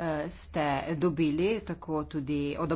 Eh, ste dobili, tako tudi od